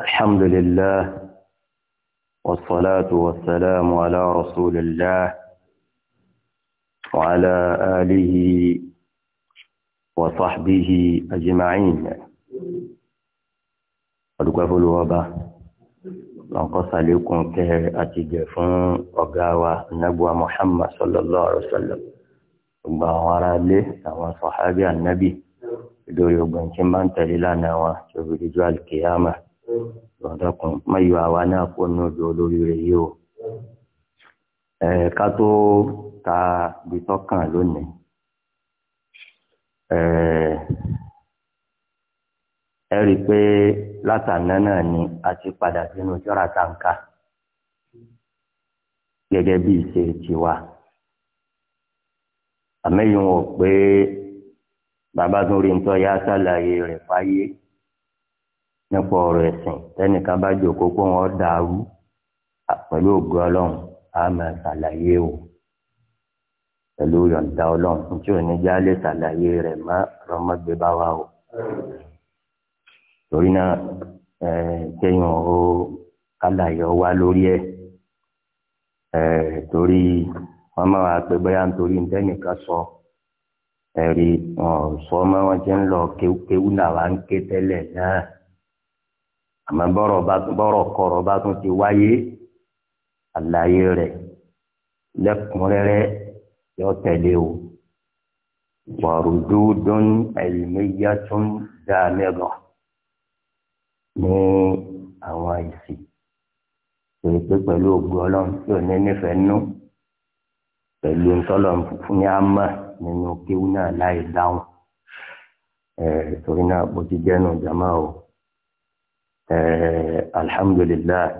الحمد لله والصلاة والسلام على رسول الله وعلى آله وصحبه أجمعين أدوكف الوبا لنقص عليكم كأتجفون وقاوة نبوة محمد صلى الله عليه وسلم وقاوة له سوى صحابي النبي دوري وقنشمان تليلانا وشوفي رجال القيامة lọ́dọ̀kan mẹ́yọ àwa náà kó nù jọ lórí rẹ̀ yìí o. ká tó ta bitọ́kàn lónìí. ẹ rí i pé látàná náà ni a ti padà sínú jọ́ra táǹkà gẹ́gẹ́ bí ìṣe tiwa. àmẹ́yìn wọ̀ pé bàbá tó rí sálàyé rẹ̀ fáyé nípa ọ̀rọ̀ ẹ̀sìn tẹ́nìkan bá jòkó kó wọn dàrú pẹ̀lú ògo ọlọ́run á máa ṣàlàyé o pẹ̀lú yọ̀ǹda ọlọ́run tí ò ní já lè ṣàlàyé rẹ̀ má rọmọgbé bá wa o torí náà kéèyàn ó kálàyé wá lórí ẹ̀ torí wọn máa wá pé bóyá nítorí tẹ́nìkan sọ ẹ̀rí sọ ọmọ wọn ti ń lọ kéwú náà wá ń ké tẹ́lẹ̀ náà àmọ́ bọ́rọ̀ kọ̀rọ̀ bá tún ti wáyé àlàyé rẹ̀ lẹ́kùnrẹ́rẹ́ yóò tẹ̀lé o wàrúdú dún ẹ̀lìmẹ́yà tún dá mẹ́rọ̀ ní àwọn àìsí pèsè pẹ̀lú ògbó ọlọ́run tí ò ní nífẹ̀ẹ́ nú pẹ̀lú ntọ́lọ̀ fún ní àmà nínú kéwú náà láì dáhùn ẹ̀ torí náà bó ti jẹ́ nù o. Alhamdulillah, alhamdulilayi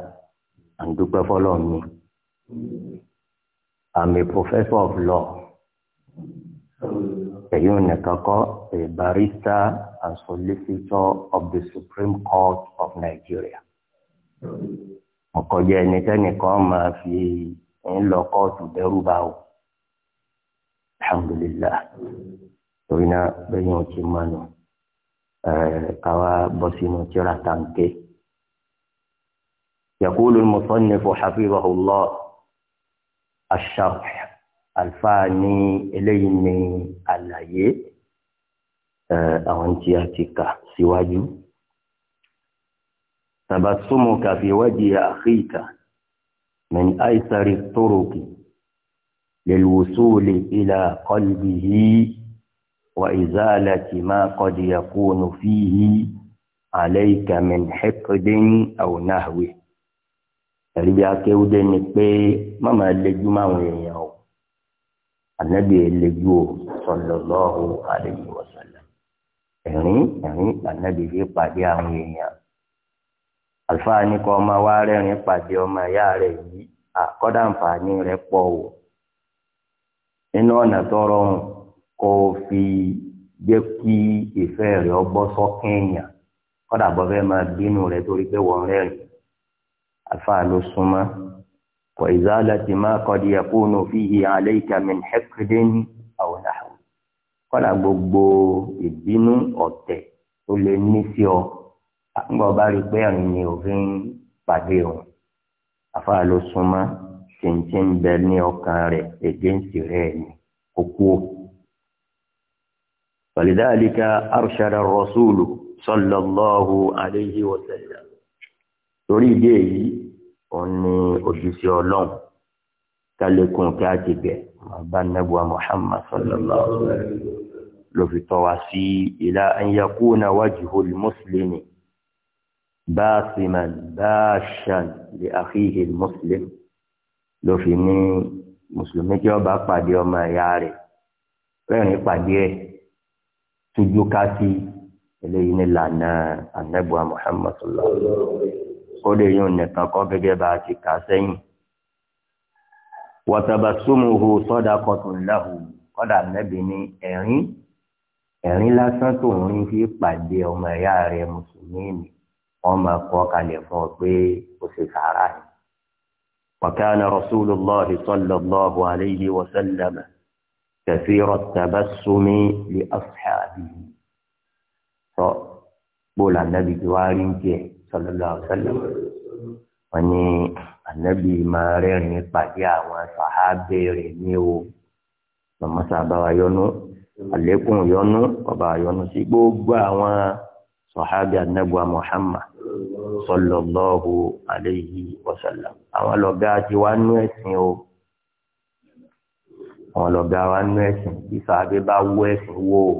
àdúgbò fọlọ́ mi i'm a professor of law èyí ò nìkan kọ́ a barrister and solicitor of the Supreme Court of Nigeria ọkọjẹ ẹnikẹ́nìkan máa fi ń lọ kóòtù dẹ́rù bá o alhamdulilayi torí náà bẹ́ẹ̀ ni o ti máa nù káwa bọ́ sínú tíra يقول المصنف حفظه الله الشرح الفاني إليني àlàyé àwọn tí a تبسمك في وجه أخيك من أيسر الطرق للوصول إلى قلبه وإزالة ما قد يكون فيه عليك من حقد أو نهوه ẹ̀ríbi akéwúdé ni pé mọ́mọ́ ẹlẹ́jú máwọn èèyàn o ànábì ẹlẹ́jú e o sallallahu alaihi wasallam ẹ̀rín ẹ̀rín ànábì fi pàdé àwọn èèyàn àlùfáà ní kọ́ ọmọ wa rẹ́rìn pàdé ọmọ ìyá rẹ̀ yìí àkọ́dàǹfààní rẹ̀ pọ̀ o nínú ọ̀nà tó rọrùn kó o fi jẹ́ kí ìfẹ́ rẹ̀ ọ bọ́ sọ́kẹ́yìn kọ́dà bọ́ fẹ́ máa bínú rẹ̀ torí pé wọ́n rẹ́rìn afa ló súnmọ́ wa izalati ma qad yakunu fihi alayka min hiqdin aw nahwi kọ́dà gbogbo ìbínú ọ̀tẹ̀ tó lè ní sí ọ ńgbọ́ bá rí pé ẹ̀rín ni òfin pàdé òun afa ló súnmọ́ tìǹtìǹ bẹ ní ọkàn rẹ̀ ègéǹsì rẹ̀ ni. فلذلك أرشد الرسول صلى الله عليه وسلم torí dé yìí òun ni òjúṣe ọlọ́run kálẹ̀kùn kí a ti bẹ̀ bá nàbùwà muhammad sallallahu alayhi wa sallam ló fi tọ́ wa sí ila an yakuna wajhul muslimi basiman bashan li akhihi muslim ló fi ní mùsùlùmí tí ó bá pàdé ọmọ ìyá rẹ̀ rẹ́rìn-ín pàdé ẹ̀ tójú ká sí eléyìí ní lànà anábùa muhammad sallallahu alaihi wa sallam kódé yóò nìkan kọ́ gẹ́gẹ́ bá a ti kà sẹ́yìn. wàtàbàsómùhù sadaqatun lahu kọ́dà nẹ́bí ní ẹ̀rín ẹ̀rín lásán tó ń rí fi pàdé ọmọ ẹ̀yà rẹ̀ mùsùlùmí wọ́n máa kọ́ kalẹ̀ fún ọ pé ó ṣe sàárà ni. wa sallallahu alaihi wa sallam. كثير التبسم لأصحابه فقول النبي جوارين صلى الله عليه وسلم وني النبي ما ريني باديا وصحابي ريني lọmọ sábà wa yọnu àlékún yọnu ọba yọnu sí gbogbo àwọn sọhábì anabuwa muhammad sallallahu alayhi wa sallam àwọn lọgá tiwa nú ẹsìn o àwọn lọ́gá wa nú ẹ̀sìn bí sàábé bá wọ ẹ̀sìn wò ó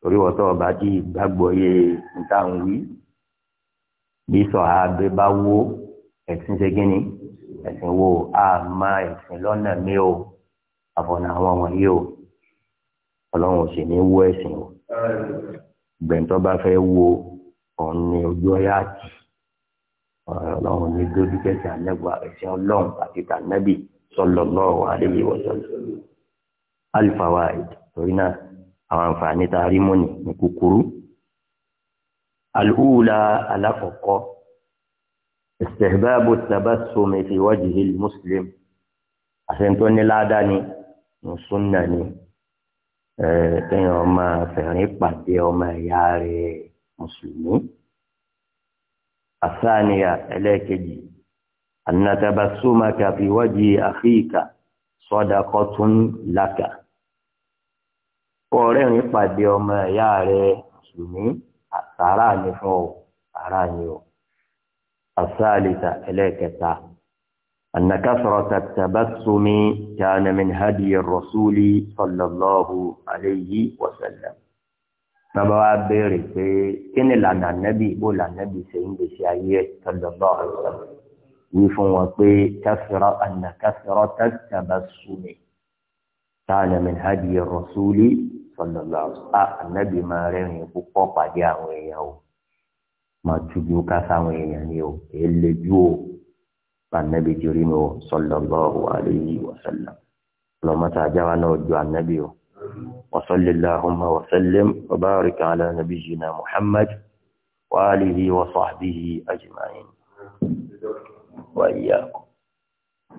torí wọ́tọ́ ọba tí ìgbàgbọ́ yé níta ń wí bí sàábé bá wọ ẹ̀sìn ṣe gíní ẹ̀sìn wò a máa ẹ̀sìn lọ́nà mi o àfọ̀nà àwọn wọ̀nyí o ọlọ́run ò sì ní wọ ẹ̀sìn o gbẹ̀ntọ́ bá fẹ́ wo òun ni ojú ọyá àti ọlọ́run ní dójú kẹsì ànẹ́gbà ẹ̀sìn ọlọ́run àti tànẹ́bì sallallahu alaihi wa sallam al-fawaid torí náà àwọn àǹfààní tá a rí mú ní kúkúrú al-ula alákọ̀ọ́kọ́ istihbabu tabassumi fi wajhi al-muslim àṣẹ̀ntó ní ládàá ni sunna ni kéèyàn ọmọ fẹ̀rín pàdé ọmọ ẹ̀yà rẹ̀ mùsùlùmí àsáníyà ẹlẹ́ẹ̀kejì أن تبسمك في وجه أخيك صدقة لك ọ̀rẹ́ rìn pàdé ọmọ ẹ̀yà rẹ̀ mùsùlùmí àtàrà ni fún ọ àrà ni ọ àsáàlìta ẹlẹ́ẹ̀kẹta أن كثرة التبسم كان من هدي الرسول صلى الله عليه وسلم bàbá wa béèrè pé kí ni lànà nẹ́bí bó lànà nẹ́bí ṣe ń gbèsè ayé ẹ̀ sallallahu alaihi wasallam wí fún wọn pé kásìrọ àná kásìrọ tàbí sùnmi káàlà mẹhàdì rọṣúlì sọlọlọ à ànábì máa rẹ́rìn púpọ̀ pàdé àwọn èèyàn o máa tújú ká sáwọn èèyàn ni o èé lejú o ànábì jòrí ni o sọlọlọ àlẹyìn wàsálà lọmọta àjáwá náà ju ànábì o wàsálẹ làhùnmá wàsálẹm ọbaàríkà àlẹ nàbíyìnà muhammad wàhálìhí wàsàbíhì àjùmáyìn. وإياكم